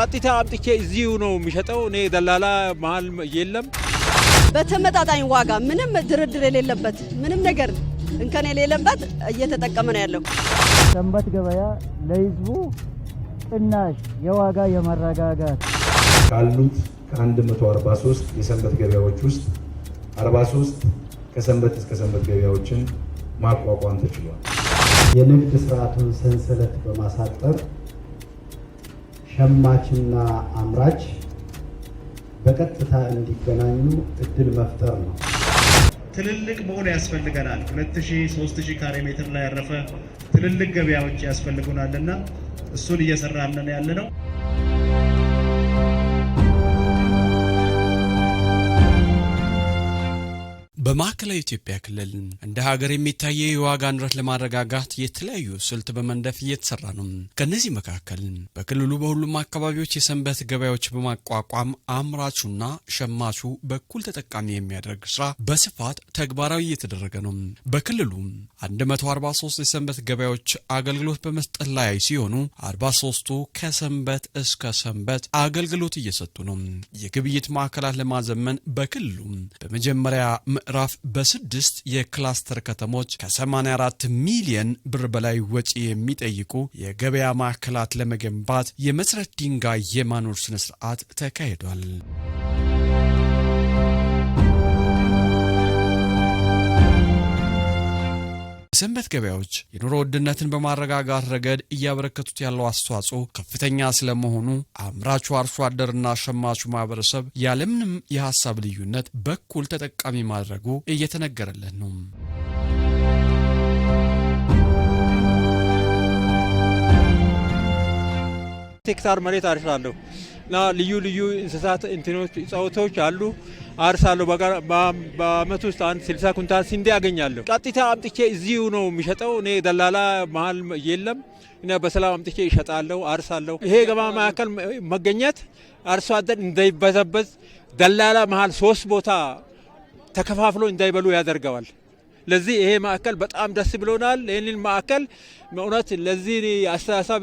ቀጥታ አምጥቼ እዚሁ ነው የሚሸጠው። እኔ ደላላ መሀል የለም። በተመጣጣኝ ዋጋ ምንም ድርድር የሌለበት ምንም ነገር እንከን የሌለበት እየተጠቀመ ነው ያለው። ሰንበት ገበያ ለህዝቡ ቅናሽ የዋጋ የመረጋጋት ካሉት ከ143 የሰንበት ገበያዎች ውስጥ 43 ከሰንበት እስከ ሰንበት ገበያዎችን ማቋቋም ተችሏል። የንግድ ስርዓቱን ሰንሰለት በማሳጠር ሸማችና አምራች በቀጥታ እንዲገናኙ እድል መፍጠር ነው። ትልልቅ መሆን ያስፈልገናል። 2000 3000 ካሬ ሜትር ላይ ያረፈ ትልልቅ ገበያዎች ያስፈልጉናልና እሱን እየሰራን ያለ ነው። በማዕከላዊ ኢትዮጵያ ክልል እንደ ሀገር የሚታየው የዋጋ ንረት ለማረጋጋት የተለያዩ ስልት በመንደፍ እየተሰራ ነው። ከእነዚህ መካከል በክልሉ በሁሉም አካባቢዎች የሰንበት ገበያዎች በማቋቋም አምራቹና ሸማቹ በኩል ተጠቃሚ የሚያደርግ ስራ በስፋት ተግባራዊ እየተደረገ ነው። በክልሉ 143 የሰንበት ገበያዎች አገልግሎት በመስጠት ላይ ሲሆኑ 43ቱ ከሰንበት እስከ ሰንበት አገልግሎት እየሰጡ ነው። የግብይት ማዕከላት ለማዘመን በክልሉ በመጀመሪያ ምዕራ ምዕራፍ በስድስት የክላስተር ከተሞች ከ84 ሚሊየን ብር በላይ ወጪ የሚጠይቁ የገበያ ማዕከላት ለመገንባት የመሰረት ድንጋይ የማኖር ስነስርዓት ተካሂዷል። የሰንበት ገበያዎች የኑሮ ውድነትን በማረጋጋት ረገድ እያበረከቱት ያለው አስተዋጽኦ ከፍተኛ ስለመሆኑ አምራቹ አርሶ አደርና ሸማቹ ማህበረሰብ ያለምንም የሀሳብ ልዩነት በኩል ተጠቃሚ ማድረጉ እየተነገረለት ነው። ሄክታር መሬት አሪፍ እና ልዩ ልዩ እንስሳት እንትኖች ጸውቶች አሉ አርሳለሁ። በአመት ውስጥ አንድ ስልሳ ኩንታል ስንዴ አገኛለሁ። ቀጥታ አምጥቼ እዚሁ ነው የሚሸጠው። እኔ ደላላ መሀል የለም እና በሰላም አምጥቼ ይሸጣለሁ፣ አርሳለሁ። ይሄ ገበያ መካከል መገኘት አርሶ አደር እንዳይበዘበዝ ደላላ መሀል ሶስት ቦታ ተከፋፍሎ እንዳይበሉ ያደርገዋል። ለዚህ ይሄ ማዕከል በጣም ደስ ብሎናል። ይህንን ማዕከል እውነት ለዚህ አስተሳሰብ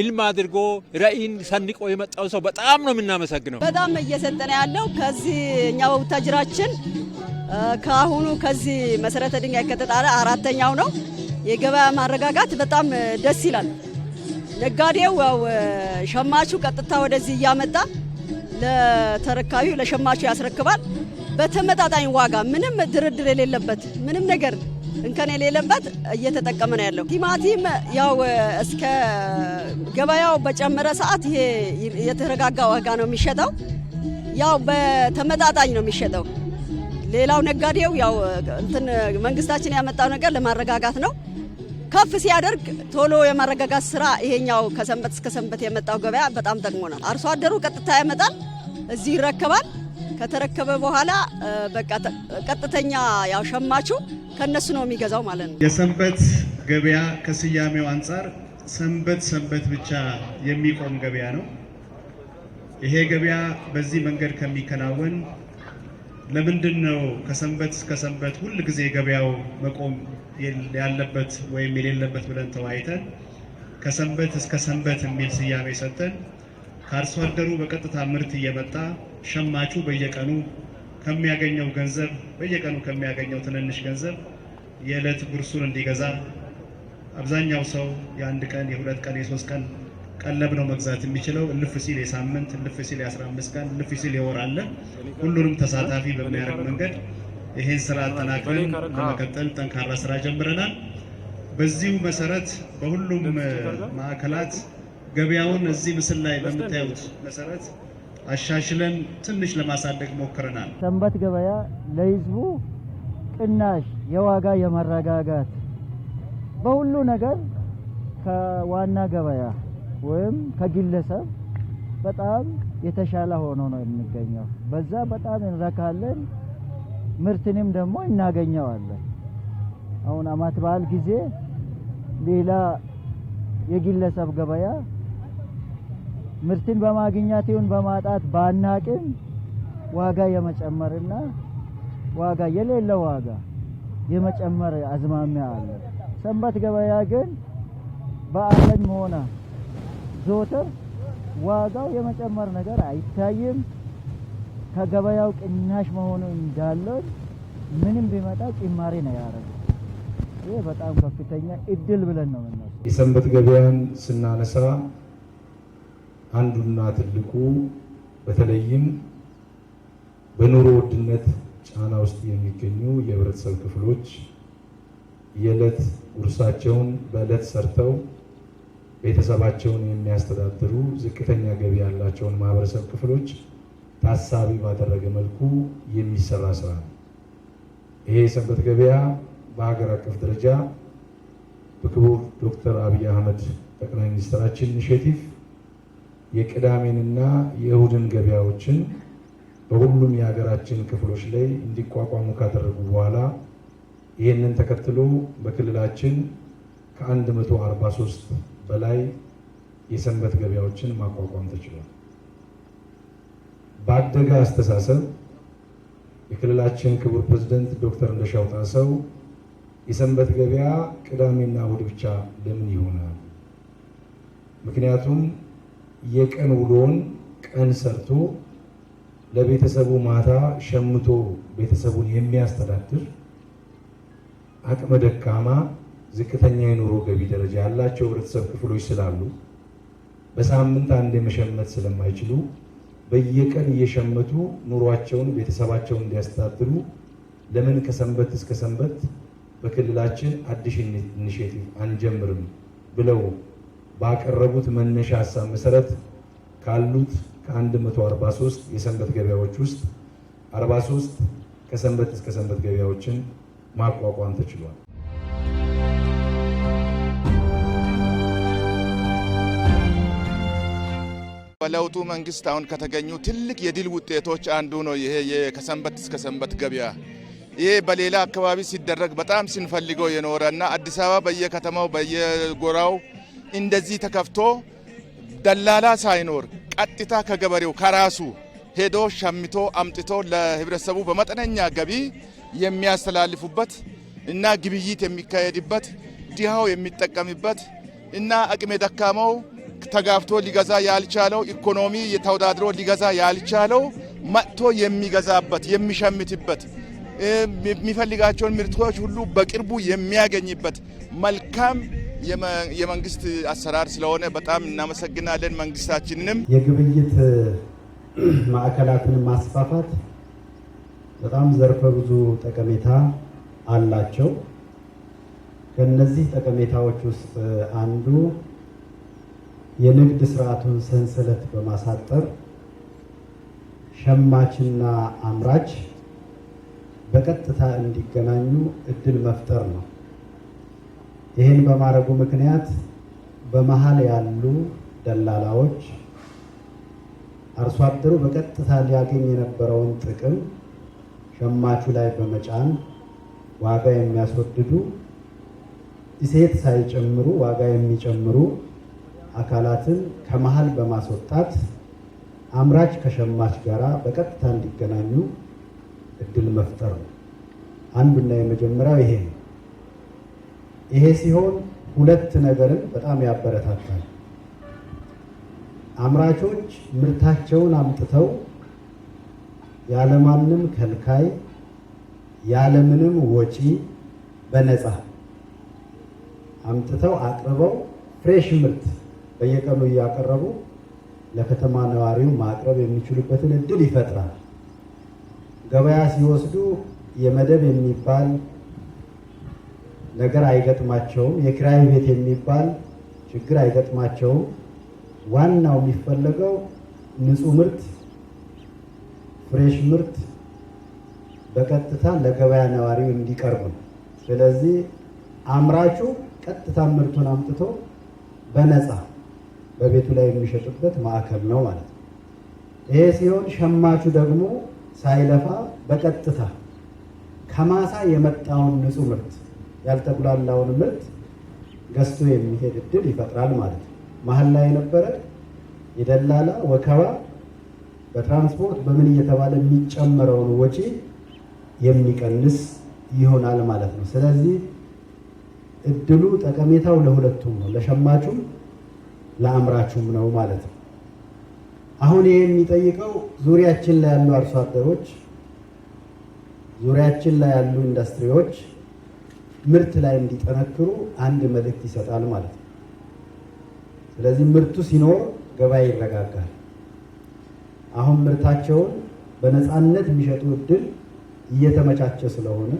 ኢልም አድርጎ ራዕይን ሰንቆ የመጣው ሰው በጣም ነው የምናመሰግነው። በጣም እየሰጠነ ያለው ከዚህ እኛ በቡታጅራችን ከአሁኑ ከዚህ መሰረተ ድንጋይ ከተጣለ አራተኛው ነው። የገበያ ማረጋጋት በጣም ደስ ይላል። ነጋዴው ያው ሸማቹ ቀጥታ ወደዚህ እያመጣ ለተረካቢው ለሸማቹ ያስረክባል። በተመጣጣኝ ዋጋ ምንም ድርድር የሌለበት ምንም ነገር እንከን የሌለበት እየተጠቀመ ነው ያለው። ቲማቲም ያው እስከ ገበያው በጨመረ ሰዓት ይሄ የተረጋጋ ዋጋ ነው የሚሸጠው። ያው በተመጣጣኝ ነው የሚሸጠው። ሌላው ነጋዴው ያው እንትን መንግስታችን ያመጣው ነገር ለማረጋጋት ነው። ከፍ ሲያደርግ ቶሎ የማረጋጋት ስራ ይሄኛው ከሰንበት እስከ ሰንበት የመጣው ገበያ በጣም ጠቅሞናል። አርሶ አደሩ ቀጥታ ያመጣል፣ እዚህ ይረከባል። ከተረከበ በኋላ በቃ ቀጥተኛ ያው ሸማቹ ከነሱ ነው የሚገዛው ማለት ነው። የሰንበት ገበያ ከስያሜው አንጻር ሰንበት ሰንበት ብቻ የሚቆም ገበያ ነው። ይሄ ገበያ በዚህ መንገድ ከሚከናወን ለምንድን ነው ከሰንበት እስከ ሰንበት ሁል ጊዜ ገበያው መቆም ያለበት ወይም የሌለበት ብለን ተወያይተን ከሰንበት እስከ ሰንበት የሚል ስያሜ ሰጠን። ከአርሶ አደሩ በቀጥታ ምርት እየመጣ ሸማቹ በየቀኑ ከሚያገኘው ገንዘብ በየቀኑ ከሚያገኘው ትንንሽ ገንዘብ የዕለት ጉርሱን እንዲገዛ አብዛኛው ሰው የአንድ ቀን የሁለት ቀን የሶስት ቀን ቀለብ ነው መግዛት የሚችለው። እልፍ ሲል የሳምንት እልፍ ሲል የአስራ አምስት ቀን እልፍ ሲል የወር አለ። ሁሉንም ተሳታፊ በሚያደርግ መንገድ ይህን ስራ አጠናክረን ለመቀጠል ጠንካራ ስራ ጀምረናል። በዚሁ መሰረት በሁሉም ማዕከላት ገበያውን እዚህ ምስል ላይ በምታዩት መሰረት አሻሽለን ትንሽ ለማሳደግ ሞክረናል። ሰንበት ገበያ ለህዝቡ ቅናሽ፣ የዋጋ የመረጋጋት በሁሉ ነገር ከዋና ገበያ ወይም ከግለሰብ በጣም የተሻለ ሆኖ ነው የሚገኘው። በዛ በጣም እንረካለን፣ ምርትንም ደግሞ እናገኘዋለን። አሁን አመት በዓል ጊዜ ሌላ የግለሰብ ገበያ ምርትን በማግኘት ይሁን በማጣት ባናቅም ዋጋ የመጨመርና ዋጋ የሌለ ዋጋ የመጨመር አዝማሚያ አለ። ሰንበት ገበያ ግን በዓለም ሆነ ዞተር ዋጋው የመጨመር ነገር አይታይም። ከገበያው ቅናሽ መሆኑ እንዳለን ምንም ቢመጣ ጭማሪ ነው ያደረገው። ይህ በጣም ከፍተኛ እድል ብለን ነው የምናስበው። የሰንበት ገበያን ስናነሳ አንዱና ትልቁ በተለይም በኑሮ ውድነት ጫና ውስጥ የሚገኙ የህብረተሰብ ክፍሎች የዕለት ጉርሳቸውን በዕለት ሰርተው ቤተሰባቸውን የሚያስተዳድሩ ዝቅተኛ ገቢ ያላቸውን ማህበረሰብ ክፍሎች ታሳቢ ባደረገ መልኩ የሚሰራ ስራ ነው። ይሄ የሰንበት ገበያ በሀገር አቀፍ ደረጃ በክቡር ዶክተር አብይ አህመድ ጠቅላይ ሚኒስትራችን ኢኒሼቲቭ የቅዳሜንና የእሁድን ገበያዎችን በሁሉም የሀገራችን ክፍሎች ላይ እንዲቋቋሙ ካደረጉ በኋላ ይህንን ተከትሎ በክልላችን ከ143 በላይ የሰንበት ገበያዎችን ማቋቋም ተችሏል። ባደገ አስተሳሰብ የክልላችን ክቡር ፕሬዝደንት ዶክተር እንደሻው ጣሰው የሰንበት ገበያ ቅዳሜና እሁድ ብቻ ለምን ይሆናል? ምክንያቱም የቀን ውሎውን ቀን ሰርቶ ለቤተሰቡ ማታ ሸምቶ ቤተሰቡን የሚያስተዳድር አቅመ ደካማ ዝቅተኛ የኑሮ ገቢ ደረጃ ያላቸው ህብረተሰብ ክፍሎች ስላሉ በሳምንት አንድ መሸመት ስለማይችሉ በየቀን እየሸመቱ ኑሯቸውን ቤተሰባቸውን እንዲያስተዳድሩ ለምን ከሰንበት እስከ ሰንበት በክልላችን አዲስ ኢኒሼቲቭ አንጀምርም ብለው ባቀረቡት መነሻ ሀሳብ መሰረት ካሉት ከ143 የሰንበት ገበያዎች ውስጥ 43 ከሰንበት እስከ ሰንበት ገበያዎችን ማቋቋም ተችሏል። በለውጡ መንግስት አሁን ከተገኙ ትልቅ የድል ውጤቶች አንዱ ነው ይሄ ከሰንበት እስከ ሰንበት ገበያ። ይሄ በሌላ አካባቢ ሲደረግ በጣም ስንፈልገው የኖረ እና አዲስ አበባ በየከተማው በየጎራው እንደዚህ ተከፍቶ ደላላ ሳይኖር ቀጥታ ከገበሬው ከራሱ ሄዶ ሸምቶ አምጥቶ ለህብረተሰቡ በመጠነኛ ገቢ የሚያስተላልፉበት እና ግብይት የሚካሄድበት ድሃው የሚጠቀምበት እና አቅሜ ደካመው ተጋፍቶ ሊገዛ ያልቻለው ኢኮኖሚ የተወዳድሮ ሊገዛ ያልቻለው መጥቶ የሚገዛበት የሚሸምትበት የሚፈልጋቸውን ምርቶች ሁሉ በቅርቡ የሚያገኝበት መልካም የመንግስት አሰራር ስለሆነ በጣም እናመሰግናለን። መንግስታችንንም የግብይት ማዕከላትን ማስፋፋት በጣም ዘርፈ ብዙ ጠቀሜታ አላቸው። ከነዚህ ጠቀሜታዎች ውስጥ አንዱ የንግድ ስርዓቱን ሰንሰለት በማሳጠር ሸማችና አምራች በቀጥታ እንዲገናኙ እድል መፍጠር ነው። ይህን በማድረጉ ምክንያት በመሀል ያሉ ደላላዎች አርሶ አደሩ በቀጥታ ሊያገኝ የነበረውን ጥቅም ሸማቹ ላይ በመጫን ዋጋ የሚያስወድዱ እሴት ሳይጨምሩ ዋጋ የሚጨምሩ አካላትን ከመሀል በማስወጣት አምራች ከሸማች ጋራ በቀጥታ እንዲገናኙ እድል መፍጠር ነው። አንዱና የመጀመሪያው ይሄ ነው። ይሄ ሲሆን ሁለት ነገርን በጣም ያበረታታል። አምራቾች ምርታቸውን አምጥተው ያለማንም ከልካይ ያለምንም ወጪ በነፃ አምጥተው አቅርበው ፍሬሽ ምርት በየቀኑ እያቀረቡ ለከተማ ነዋሪው ማቅረብ የሚችሉበትን እድል ይፈጥራል። ገበያ ሲወስዱ የመደብ የሚባል ነገር አይገጥማቸውም። የክራይ ቤት የሚባል ችግር አይገጥማቸውም። ዋናው የሚፈለገው ንጹህ ምርት፣ ፍሬሽ ምርት በቀጥታ ለገበያ ነዋሪው እንዲቀርብ ነው። ስለዚህ አምራቹ ቀጥታ ምርቱን አምጥቶ በነፃ በቤቱ ላይ የሚሸጡበት ማዕከል ነው ማለት ነው። ይሄ ሲሆን ሸማቹ ደግሞ ሳይለፋ በቀጥታ ከማሳ የመጣውን ንጹህ ምርት ያልተጉላላውን ምርት ገዝቶ የሚሄድ እድል ይፈጥራል ማለት ነው። መሀል ላይ የነበረ የደላላ ወከባ፣ በትራንስፖርት በምን እየተባለ የሚጨመረውን ወጪ የሚቀንስ ይሆናል ማለት ነው። ስለዚህ እድሉ ጠቀሜታው ለሁለቱም ነው፣ ለሸማቹም ለአምራቹም ነው ማለት ነው። አሁን ይህ የሚጠይቀው ዙሪያችን ላይ ያሉ አርሶ አደሮች፣ ዙሪያችን ላይ ያሉ ኢንዱስትሪዎች ምርት ላይ እንዲጠነክሩ አንድ መልእክት ይሰጣል ማለት ነው። ስለዚህ ምርቱ ሲኖር ገበያ ይረጋጋል። አሁን ምርታቸውን በነፃነት የሚሸጡ እድል እየተመቻቸ ስለሆነ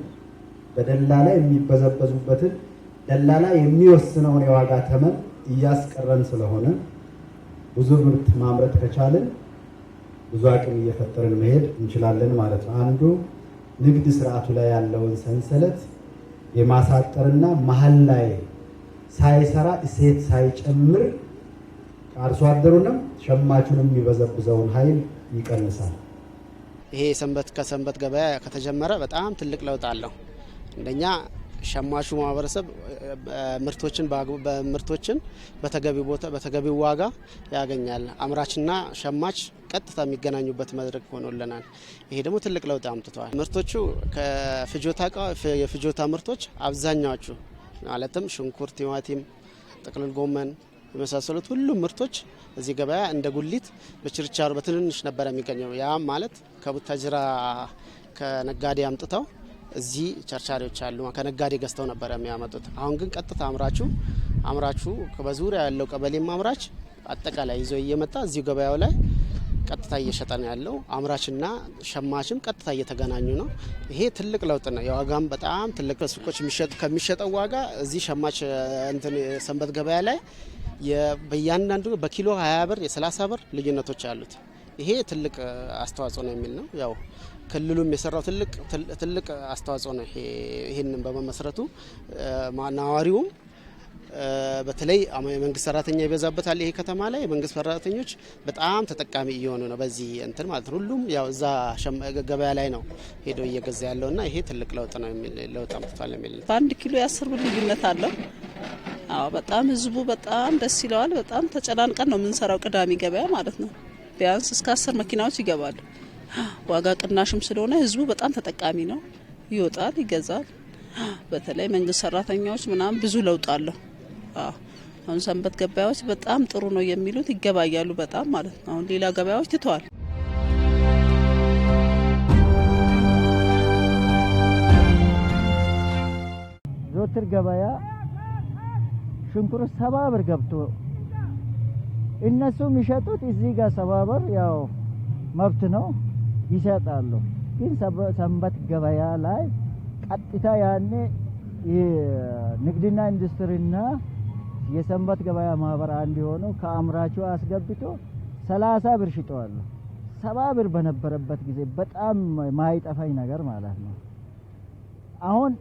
በደላላ የሚበዘበዙበትን ደላላ የሚወስነውን የዋጋ ተመን እያስቀረን ስለሆነ ብዙ ምርት ማምረት ከቻልን ብዙ አቅም እየፈጠርን መሄድ እንችላለን ማለት ነው። አንዱ ንግድ ስርዓቱ ላይ ያለውን ሰንሰለት የማሳጠርና መሀል ላይ ሳይሰራ እሴት ሳይጨምር አርሶ አደሩንም ሸማቹንም የሚበዘብዘውን ኃይል ይቀንሳል። ይሄ ሰንበት ከሰንበት ገበያ ከተጀመረ በጣም ትልቅ ለውጥ አለው። አንደኛ ሸማቹ ማህበረሰብ ምርቶችን በምርቶችን በተገቢ ቦታ በተገቢው ዋጋ ያገኛል። አምራችና ሸማች በቀጥታ የሚገናኙበት መድረክ ሆኖልናል። ይሄ ደግሞ ትልቅ ለውጥ አምጥተዋል። ምርቶቹ ከፍጆታ የፍጆታ ምርቶች አብዛኛዎቹ ማለትም ሽንኩርት፣ ቲማቲም፣ ጥቅልል ጎመን የመሳሰሉት ሁሉም ምርቶች እዚህ ገበያ እንደ ጉሊት በችርቻሩ በትንንሽ ነበር የሚገኘው። ያም ማለት ከቡታጅራ ከነጋዴ አምጥተው እዚህ ቸርቻሪዎች አሉ ከነጋዴ ገዝተው ነበረ የሚያመጡት። አሁን ግን ቀጥታ አምራቹ አምራቹ በዙሪያ ያለው ቀበሌ አምራች አጠቃላይ ይዞ እየመጣ እዚሁ ገበያው ላይ ቀጥታ እየሸጠ ነው ያለው። አምራችና ሸማችም ቀጥታ እየተገናኙ ነው። ይሄ ትልቅ ለውጥ ነው። የዋጋም በጣም ትልቅ ሱቆች ከሚሸጠው ዋጋ እዚህ ሸማች እንትን ሰንበት ገበያ ላይ በእያንዳንዱ በኪሎ 20 ብር የ30 ብር ልዩነቶች አሉት። ይሄ ትልቅ አስተዋጽኦ ነው የሚል ነው ያው ክልሉም የሰራው ትልቅ አስተዋጽኦ ነው። ይህንን በመመስረቱ ነዋሪውም በተለይ የመንግስት ሰራተኛ ይበዛበታል። ይሄ ከተማ ላይ የመንግስት ሰራተኞች በጣም ተጠቃሚ እየሆኑ ነው። በዚህ እንትን ማለት ነው። ሁሉም ያው እዛ ገበያ ላይ ነው ሄዶ እየገዛ ያለው እና ይሄ ትልቅ ለውጥ ነው የሚል ለውጥ አምጥቷል የሚል በአንድ ኪሎ የአስር ብር ልዩነት አለው። አዎ በጣም ህዝቡ በጣም ደስ ይለዋል። በጣም ተጨናንቀን ነው የምንሰራው። ቅዳሜ ገበያ ማለት ነው ቢያንስ እስከ አስር መኪናዎች ይገባሉ። ዋጋ ቅናሽም ስለሆነ ህዝቡ በጣም ተጠቃሚ ነው። ይወጣል፣ ይገዛል። በተለይ መንግስት ሰራተኛዎች ምናምን ብዙ ለውጥ አለው። አሁን ሰንበት ገበያዎች በጣም ጥሩ ነው የሚሉት ይገባያሉ፣ በጣም ማለት ነው። አሁን ሌላ ገበያዎች ትተዋል። ዞትር ገበያ ሽንኩርት ሰባ ብር ገብቶ እነሱ የሚሸጡት እዚህ ጋር ሰባ ብር ያው መብት ነው ይሸጣሉ። ግን ሰንበት ገበያ ላይ ቀጥታ ያኔ ንግድና ኢንዱስትሪና የሰንበት ገበያ ማህበር አንድ የሆነው ከአምራቹ አስገብቶ ሰላሳ ብር ሽጨዋለሁ። ሰባ ብር በነበረበት ጊዜ በጣም ማይጠፋኝ ነገር ማለት ነው። አሁን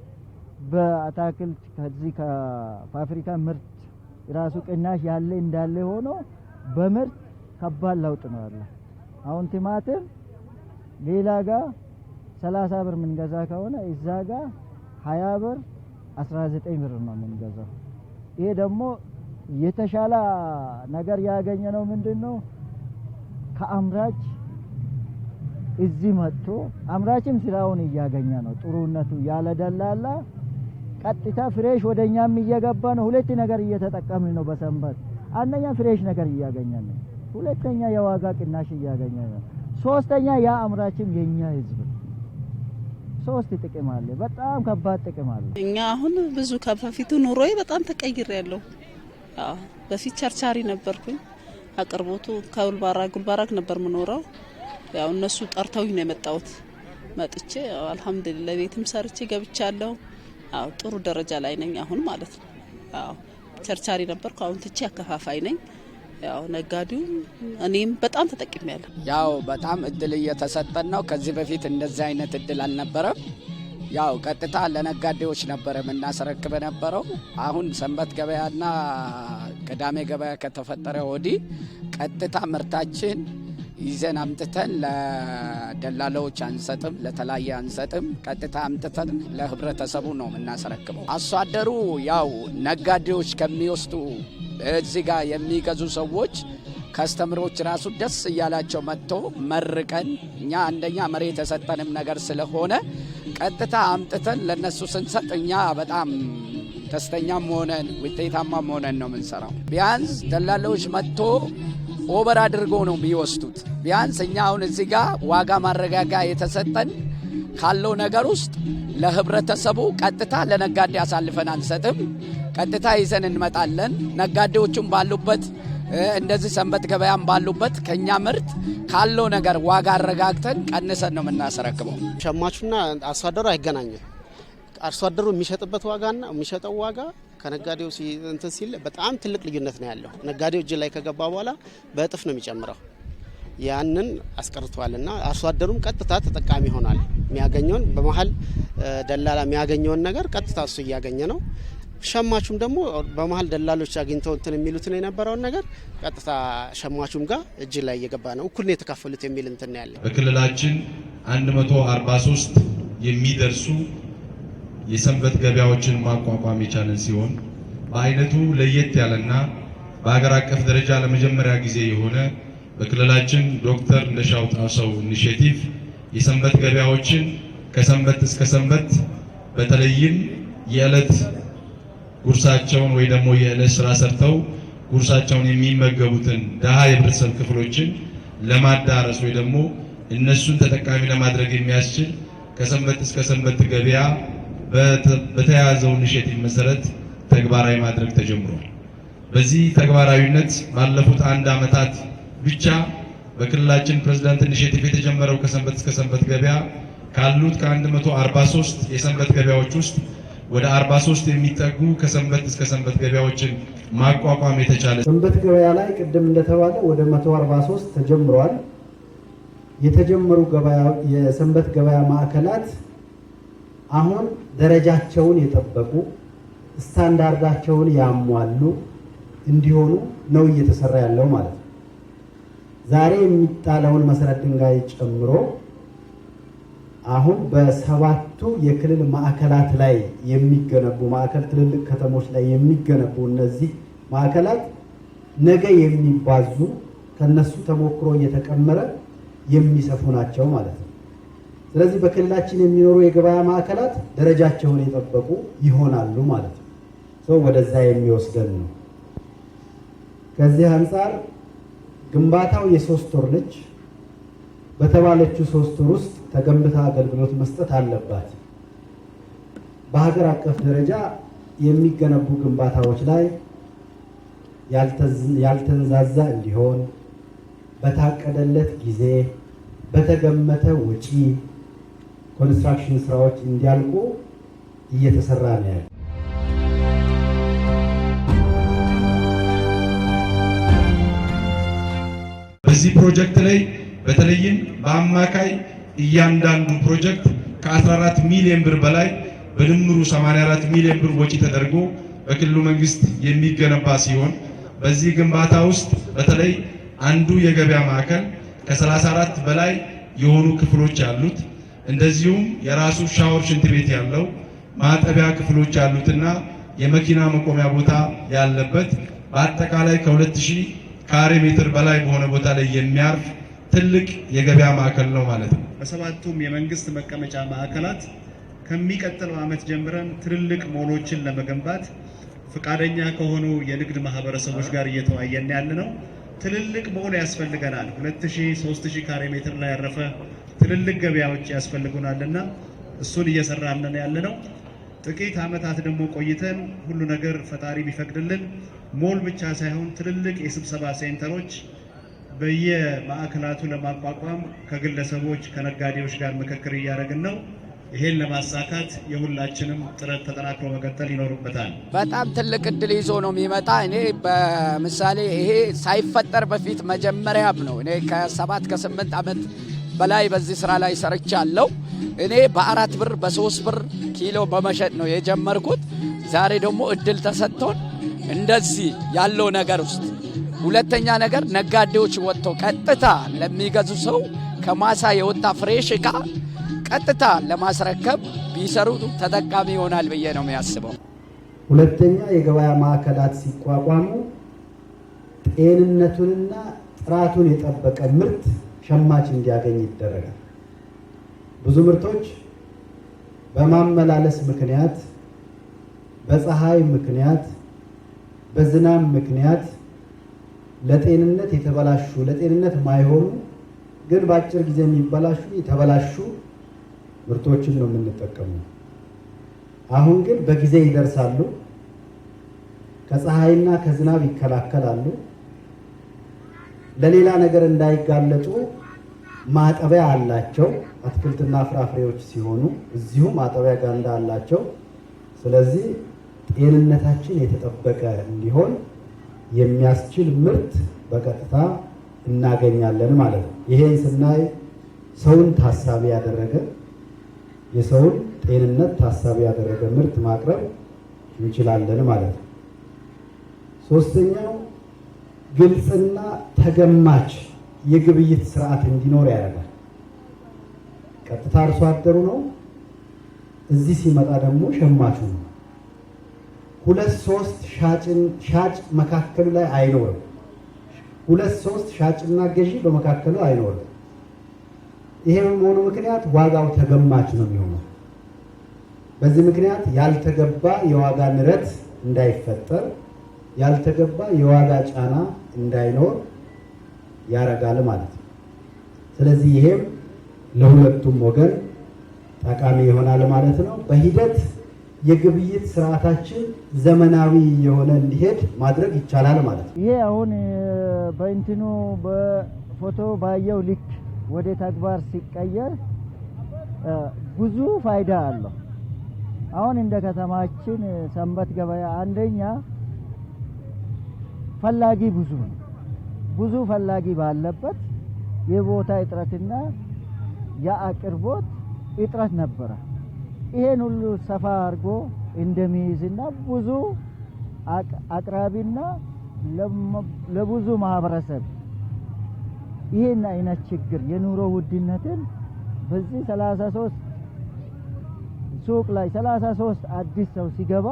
በአታክልት ከዚህ ከፋብሪካ ምርት ራሱ ቅናሽ ያለ እንዳለ ሆኖ በምርት ከባድ ለውጥ ነው ያለ። አሁን ቲማቲም ሌላ ጋ ሰላሳ ብር የምንገዛ ከሆነ እዛ ጋ ሀያ ብር አስራ ዘጠኝ ብር ነው የምንገዛው። ይሄ ደግሞ የተሻለ ነገር ያገኘ ነው። ምንድን ነው ከአምራች እዚህ መጥቶ አምራችም ስራውን እያገኘ ነው። ጥሩነቱ ያለ ደላላ ቀጥታ ፍሬሽ ወደኛም እኛም እየገባ ነው። ሁለት ነገር እየተጠቀምን ነው በሰንበት አንደኛ ፍሬሽ ነገር እያገኘ ነው፣ ሁለተኛ የዋጋ ቅናሽ እያገኘ ነው፣ ሶስተኛ ያ አምራችም የኛ ህዝብ ሶስት ጥቅም አለ። በጣም ከባድ ጥቅም አለ። እኛ አሁን ብዙ ከበፊቱ ኑሮዬ በጣም ተቀይር ያለው በፊት ቸርቻሪ ነበርኩኝ። አቅርቦቱ ከጉልባራ ጉልባራክ ነበር ምኖረው። ያው እነሱ ጠርተው ነው የመጣሁት። መጥቼ አልሐምዱሊላ ቤትም ሰርቼ ገብቻለሁ። ጥሩ ደረጃ ላይ ነኝ አሁን ማለት ነው። ቸርቻሪ ነበርኩ። አሁን ትቼ አከፋፋይ ነኝ። ያው ነጋዴውም እኔም በጣም ተጠቅሜያለሁ። ያው በጣም እድል እየተሰጠን ነው። ከዚህ በፊት እንደዚህ አይነት እድል አልነበረም። ያው ቀጥታ ለነጋዴዎች ነበረ የምናስረክብ ነበረው። አሁን ሰንበት ገበያና ቅዳሜ ገበያ ከተፈጠረ ወዲህ ቀጥታ ምርታችን ይዘን አምጥተን ለደላላዎች አንሰጥም፣ ለተለያየ አንሰጥም። ቀጥታ አምጥተን ለህብረተሰቡ ነው የምናስረክበው። አርሶ አደሩ ያው ነጋዴዎች ከሚወስዱ እዚህ ጋር የሚገዙ ሰዎች ከስተምሮች ራሱ ደስ እያላቸው መጥቶ መርቀን እኛ አንደኛ መሬት የሰጠንም ነገር ስለሆነ ቀጥታ አምጥተን ለነሱ ስንሰጥ እኛ በጣም ደስተኛም ሆነን ውጤታማም ሆነን ነው የምንሰራው። ቢያንስ ደላላዎች መጥቶ ኦቨር አድርጎ ነው የሚወስዱት። ቢያንስ እኛ አሁን እዚህ ጋር ዋጋ ማረጋጋ የተሰጠን ካለው ነገር ውስጥ ለህብረተሰቡ ቀጥታ ለነጋዴ አሳልፈን አንሰጥም። ቀጥታ ይዘን እንመጣለን። ነጋዴዎቹም ባሉበት እንደዚህ ሰንበት ገበያም ባሉበት ከኛ ምርት ካለው ነገር ዋጋ አረጋግተን ቀንሰን ነው የምናስረክበው። ሸማቹና አርሶ አደሩ አይገናኝም። አርሶ አደሩ የሚሸጥበት ዋጋና የሚሸጠው ዋጋ ከነጋዴው እንትን ሲል በጣም ትልቅ ልዩነት ነው ያለው። ነጋዴው እጅ ላይ ከገባ በኋላ በእጥፍ ነው የሚጨምረው። ያንን አስቀርቷልና አርሶ አደሩም ቀጥታ ተጠቃሚ ሆኗል። የሚያገኘውን በመሀል ደላላ የሚያገኘውን ነገር ቀጥታ እሱ እያገኘ ነው። ሸማቹም ደግሞ በመሀል ደላሎች አግኝተው እንትን የሚሉት ነው የነበረውን ነገር ቀጥታ ሸማቹም ጋር እጅ ላይ እየገባ ነው። እኩል ነው የተካፈሉት የሚል እንትን ያለ። በክልላችን 143 የሚደርሱ የሰንበት ገበያዎችን ማቋቋም የቻለን ሲሆን በአይነቱ ለየት ያለና በሀገር አቀፍ ደረጃ ለመጀመሪያ ጊዜ የሆነ በክልላችን ዶክተር እንደሻው ጣሰው ኢኒሽቲቭ የሰንበት ገበያዎችን ከሰንበት እስከ ሰንበት በተለይም የዕለት ጉርሳቸውን ወይ ደግሞ የዕለት ስራ ሰርተው ጉርሳቸውን የሚመገቡትን ድሃ የህብረተሰብ ክፍሎችን ለማዳረስ ወይ ደግሞ እነሱን ተጠቃሚ ለማድረግ የሚያስችል ከሰንበት እስከ ሰንበት ገበያ በተያያዘው ኢኒሼቲቭ መሰረት ተግባራዊ ማድረግ ተጀምሯል። በዚህ ተግባራዊነት ባለፉት አንድ ዓመታት ብቻ በክልላችን ፕሬዝዳንት ኢኒሼቲቭ የተጀመረው ከሰንበት እስከ ሰንበት ገበያ ካሉት ከ143 የሰንበት ገበያዎች ውስጥ ወደ 43 የሚጠጉ ከሰንበት እስከ ሰንበት ገበያዎችን ማቋቋም የተቻለ ሰንበት ገበያ ላይ ቅድም እንደተባለ ወደ 143 ተጀምሯል። የተጀመሩ የሰንበት ገበያ ማዕከላት አሁን ደረጃቸውን የጠበቁ ስታንዳርዳቸውን ያሟሉ እንዲሆኑ ነው እየተሰራ ያለው ማለት ነው። ዛሬ የሚጣለውን መሰረት ድንጋይ ጨምሮ አሁን በሰባቱ የክልል ማዕከላት ላይ የሚገነቡ ማዕከል ትልልቅ ከተሞች ላይ የሚገነቡ እነዚህ ማዕከላት ነገ የሚባዙ ከነሱ ተሞክሮ እየተቀመረ የሚሰፉ ናቸው ማለት ነው። ስለዚህ በክልላችን የሚኖሩ የገበያ ማዕከላት ደረጃቸውን የጠበቁ ይሆናሉ ማለት ነው። ሰው ወደዛ የሚወስደን ነው። ከዚህ አንጻር ግንባታው የሶስት ወር ልጅ በተባለችው ሶስት ወር ውስጥ ተገንብታ አገልግሎት መስጠት አለባት። በሀገር አቀፍ ደረጃ የሚገነቡ ግንባታዎች ላይ ያልተንዛዛ እንዲሆን በታቀደለት ጊዜ በተገመተ ወጪ ኮንስትራክሽን ስራዎች እንዲያልቁ እየተሰራ ነው ያለ በዚህ ፕሮጀክት ላይ በተለይም በአማካይ እያንዳንዱ ፕሮጀክት ከ14 ሚሊዮን ብር በላይ በድምሩ 84 ሚሊዮን ብር ወጪ ተደርጎ በክልሉ መንግስት የሚገነባ ሲሆን በዚህ ግንባታ ውስጥ በተለይ አንዱ የገበያ ማዕከል ከ34 በላይ የሆኑ ክፍሎች ያሉት እንደዚሁም የራሱ ሻወር ሽንት ቤት ያለው ማጠቢያ ክፍሎች ያሉትና የመኪና መቆሚያ ቦታ ያለበት በአጠቃላይ ከ2000 ካሬ ሜትር በላይ በሆነ ቦታ ላይ የሚያርፍ ትልቅ የገበያ ማዕከል ነው ማለት ነው። በሰባቱም የመንግስት መቀመጫ ማዕከላት ከሚቀጥለው ዓመት ጀምረን ትልልቅ ሞሎችን ለመገንባት ፈቃደኛ ከሆኑ የንግድ ማህበረሰቦች ጋር እየተወያየን ያለ ነው። ትልልቅ ሞል ያስፈልገናል። 2000፣ 3000 ካሬ ሜትር ላይ ያረፈ ትልልቅ ገበያዎች ያስፈልጉናልና እሱን እየሰራን ያለ ነው። ጥቂት ዓመታት ደግሞ ቆይተን ሁሉ ነገር ፈጣሪ ቢፈቅድልን ሞል ብቻ ሳይሆን ትልልቅ የስብሰባ ሴንተሮች በየማዕከላቱ ለማቋቋም ከግለሰቦች ከነጋዴዎች ጋር ምክክር እያደረግን ነው። ይሄን ለማሳካት የሁላችንም ጥረት ተጠናክሮ መቀጠል ይኖርበታል። በጣም ትልቅ እድል ይዞ ነው የሚመጣ። እኔ በምሳሌ ይሄ ሳይፈጠር በፊት መጀመሪያም ነው። እኔ ከሰባት ከስምንት ዓመት በላይ በዚህ ስራ ላይ ሰርቻለሁ። እኔ በአራት ብር በሶስት ብር ኪሎ በመሸጥ ነው የጀመርኩት። ዛሬ ደግሞ እድል ተሰጥቶን እንደዚህ ያለው ነገር ውስጥ ሁለተኛ ነገር ነጋዴዎች ወጥተው ቀጥታ ለሚገዙ ሰው ከማሳ የወጣ ፍሬሽ እቃ ቀጥታ ለማስረከብ ቢሰሩ ተጠቃሚ ይሆናል ብዬ ነው የሚያስበው። ሁለተኛ የገበያ ማዕከላት ሲቋቋሙ ጤንነቱንና ጥራቱን የጠበቀ ምርት ሸማች እንዲያገኝ ይደረጋል። ብዙ ምርቶች በማመላለስ ምክንያት፣ በፀሐይ ምክንያት፣ በዝናብ ምክንያት ለጤንነት የተበላሹ ለጤንነት ማይሆኑ ግን በአጭር ጊዜ የሚበላሹ የተበላሹ ምርቶችን ነው የምንጠቀመው። አሁን ግን በጊዜ ይደርሳሉ፣ ከፀሐይና ከዝናብ ይከላከላሉ፣ ለሌላ ነገር እንዳይጋለጡ ማጠቢያ አላቸው። አትክልትና ፍራፍሬዎች ሲሆኑ እዚሁ ማጠቢያ ጋንዳ አላቸው። ስለዚህ ጤንነታችን የተጠበቀ እንዲሆን የሚያስችል ምርት በቀጥታ እናገኛለን ማለት ነው። ይሄን ስናይ ሰውን ታሳቢ ያደረገ የሰውን ጤንነት ታሳቢ ያደረገ ምርት ማቅረብ እንችላለን ማለት ነው። ሶስተኛው ግልጽና ተገማች የግብይት ስርዓት እንዲኖር ያደርጋል። ቀጥታ አርሶ አደሩ ነው፣ እዚህ ሲመጣ ደግሞ ሸማቹ ነው። ሁለት ሶስት ሻጭ መካከሉ ላይ አይኖርም። ሁለት ሶስት ሻጭና ገዢ በመካከሉ አይኖርም። ይሄ በመሆኑ ምክንያት ዋጋው ተገማች ነው የሚሆነው። በዚህ ምክንያት ያልተገባ የዋጋ ንረት እንዳይፈጠር፣ ያልተገባ የዋጋ ጫና እንዳይኖር ያረጋል ማለት ነው። ስለዚህ ይሄም ለሁለቱም ወገን ጠቃሚ ይሆናል ማለት ነው በሂደት የግብይት ስርዓታችን ዘመናዊ የሆነ እንዲሄድ ማድረግ ይቻላል ማለት ነው። ይሄ አሁን በእንትኑ በፎቶ ባየው ልክ ወደ ተግባር ሲቀየር ብዙ ፋይዳ አለው። አሁን እንደ ከተማችን ሰንበት ገበያ አንደኛ ፈላጊ ብዙ ነው። ብዙ ፈላጊ ባለበት የቦታ እጥረትና የአቅርቦት እጥረት ነበረ። ይሄን ሁሉ ሰፋ አድርጎ እንደሚይዝና ብዙ አቅራቢና ለብዙ ማህበረሰብ ይህን አይነት ችግር የኑሮ ውድነትን በዚህ 33 ሱቅ ላይ 33 አዲስ ሰው ሲገባ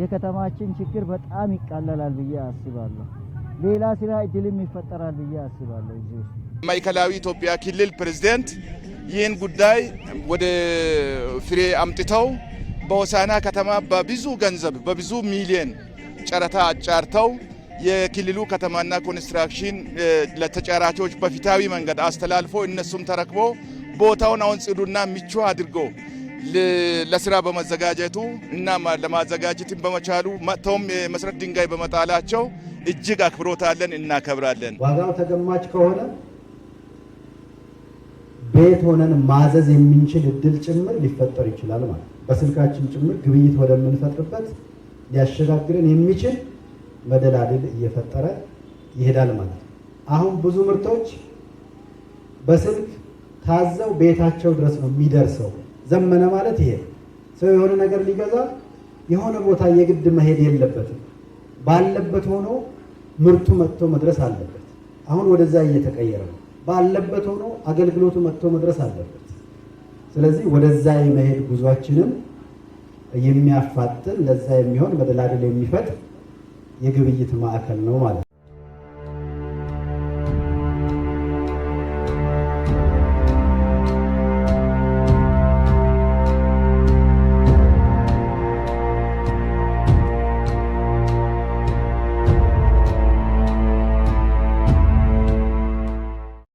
የከተማችን ችግር በጣም ይቃለላል ብዬ አስባለሁ። ሌላ ስራ እድልም ይፈጠራል ብዬ አስባለሁ። እዚህ ማዕከላዊ ኢትዮጵያ ክልል ፕሬዝዳንት ይህን ጉዳይ ወደ ፍሬ አምጥተው በሆሳና ከተማ በብዙ ገንዘብ በብዙ ሚሊየን ጨረታ አጫርተው የክልሉ ከተማና ኮንስትራክሽን ለተጫራቾች በፊታዊ መንገድ አስተላልፎ እነሱም ተረክቦ ቦታውን አሁን ጽዱና ምቹ አድርጎ ለስራ በመዘጋጀቱ እና ለማዘጋጀትን በመቻሉ መጥተውም የመሰረት ድንጋይ በመጣላቸው እጅግ አክብሮታለን፣ እናከብራለን። ዋጋው ተገማች ከሆነ ቤት ሆነን ማዘዝ የምንችል እድል ጭምር ሊፈጠር ይችላል ማለት ነው። በስልካችን ጭምር ግብይት ወደምንፈጥርበት ሊያሸጋግረን የሚችል መደላድል እየፈጠረ ይሄዳል ማለት ነው። አሁን ብዙ ምርቶች በስልክ ታዘው ቤታቸው ድረስ ነው የሚደርሰው። ዘመነ ማለት ይሄ ሰው የሆነ ነገር ሊገዛ የሆነ ቦታ የግድ መሄድ የለበትም። ባለበት ሆኖ ምርቱ መጥቶ መድረስ አለበት። አሁን ወደዛ እየተቀየረ ነው። ባለበት ሆኖ አገልግሎቱ መጥቶ መድረስ አለበት። ስለዚህ ወደዛ የመሄድ ጉዟችንም የሚያፋጥን ለዛ የሚሆን መደላደል የሚፈጥ የግብይት ማዕከል ነው ማለት ነው።